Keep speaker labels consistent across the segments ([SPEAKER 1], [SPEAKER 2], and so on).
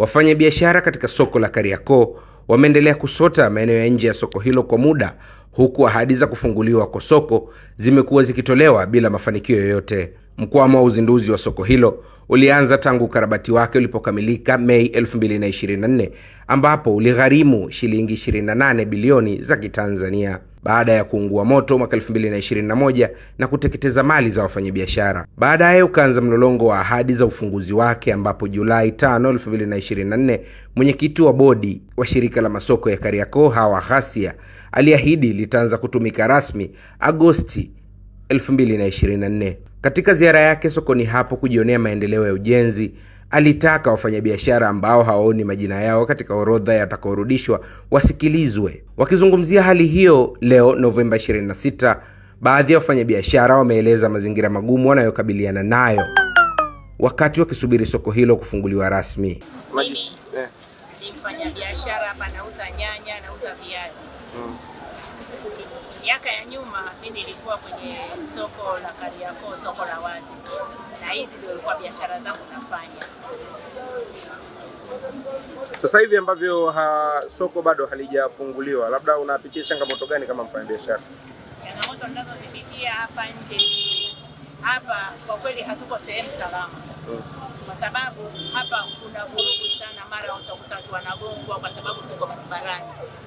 [SPEAKER 1] Wafanyabiashara katika soko la Kariakoo wameendelea kusota maeneo ya nje ya soko hilo kwa muda, huku ahadi za kufunguliwa kwa soko zimekuwa zikitolewa bila mafanikio yoyote. Mkwamo wa uzinduzi wa soko hilo ulianza tangu ukarabati wake ulipokamilika Mei 224 ambapo uligharimu shilingi 28 bilioni za Kitanzania baada ya kuungua moto mwaka 2021 na kuteketeza mali za wafanyabiashara. Baadaye ukaanza mlolongo wa ahadi za ufunguzi wake, ambapo Julai 5, 2024 mwenyekiti wa bodi wa shirika la masoko ya Kariakoo Hawa Ghasia aliahidi litaanza kutumika rasmi Agosti 2024. Katika ziara yake sokoni hapo kujionea maendeleo ya ujenzi Alitaka wafanyabiashara ambao hawaoni majina yao katika orodha yatakaorudishwa wasikilizwe. Wakizungumzia hali hiyo leo Novemba 26, baadhi ya wafanyabiashara wameeleza mazingira magumu wanayokabiliana nayo wakati wakisubiri soko hilo kufunguliwa rasmi. Mimi, eh, hapa nauza nyanya, nauza viazi. Hmm miaka ya nyuma mi nilikuwa kwenye soko la Kariakoo, soko la wazi, na hizi ndio ilikuwa biashara zangu nafanya.
[SPEAKER 2] Sasa hivi ambavyo ha, soko bado halijafunguliwa, labda unapitia changamoto gani kama mfanyabiashara?
[SPEAKER 1] Changamoto ninazozipitia hapa nje, hapa kwa kweli hatuko sehemu salama hmm. Kwa sababu hapa kuna vurugu sana, mara utakuta watu wanagongwa kwa sababu tuko barabarani.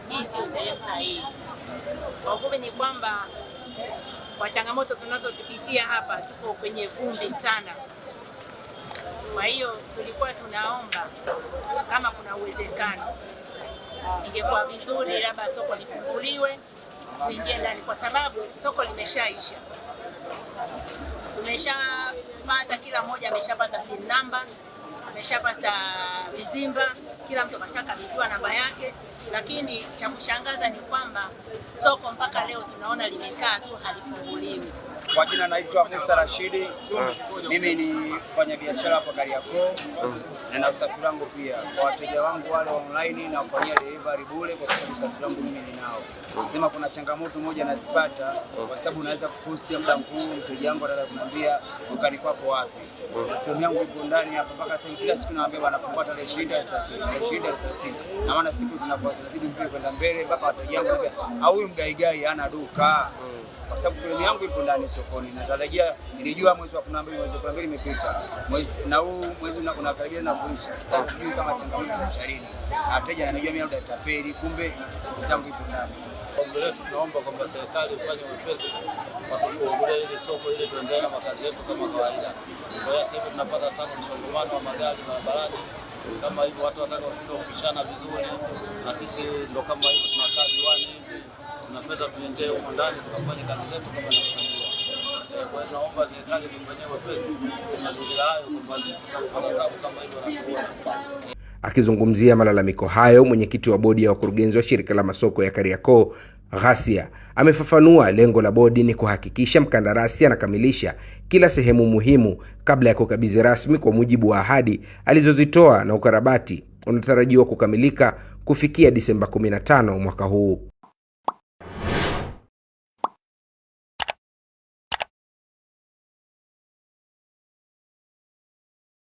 [SPEAKER 1] Hii sio sehemu sahihi. Kwa ufupi ni kwamba kwa changamoto tunazopitia hapa, tuko kwenye vumbi sana. Kwa hiyo tulikuwa tunaomba kama kuna uwezekano, ingekuwa vizuri labda soko lifunguliwe, tuingie ndani, kwa sababu soko limeshaisha. Tumeshapata, kila mmoja ameshapata simu namba, ameshapata vizimba kila mtu kashakabidhiwa namba yake, lakini cha kushangaza ni kwamba soko mpaka leo tunaona limekaa tu halifunguliwi.
[SPEAKER 2] Kwa jina naitwa Musa Rashidi. Mimi ni fanya biashara hapa Kariakoo na na usafiri wangu pia. Kwa wateja wangu wale online na wafanyia delivery bure, kwa sababu usafiri wangu mimi ninao. Sema kuna changamoto moja nazipata, kwa sababu naweza kupostia muda mkuu, mteja wangu anaweza kuniambia dukani kwako wapi. Timu yangu ipo ndani hapa mpaka sasa, kila siku naambia wanapopata tarehe ishirini na sasa tarehe ishirini na thelathini na maana siku zinakuwa zinazidi mbele kwenda mbele, mpaka wateja wangu au ah, huyu mgaigai ana duka, kwa sababu filamu yangu ipo ndani sokoni. Natarajia nilijua mwezi wa 12 mwezi wa 12 imepita mwezi na huu mwezi unakaribia na kuisha. Sasa kama changamoto ya sharini wateja anajua mimi labda tapeli, kumbe zangu ipo ndani. Mbele tunaomba kwamba serikali ifanye wepesi kwa kufungulia ile soko ile, tuendelee na makazi yetu kama kawaida. Kwa hiyo sasa tunapata sana msongamano wa magari barabarani, kama hivyo watu wanataka kupishana vizuri, na sisi ndo kama hivyo tunakaa viwani, tunapenda tuendee huko ndani tukafanye kazi zetu kama
[SPEAKER 3] Akizungumzia malalamiko hayo, mwenyekiti wa bodi ya wakurugenzi wa shirika la masoko ya Kariakoo Ghasia amefafanua lengo la bodi ni kuhakikisha mkandarasi anakamilisha kila sehemu muhimu kabla ya kukabidhi rasmi kwa mujibu wa ahadi alizozitoa na ukarabati unatarajiwa kukamilika kufikia Disemba 15 mwaka huu.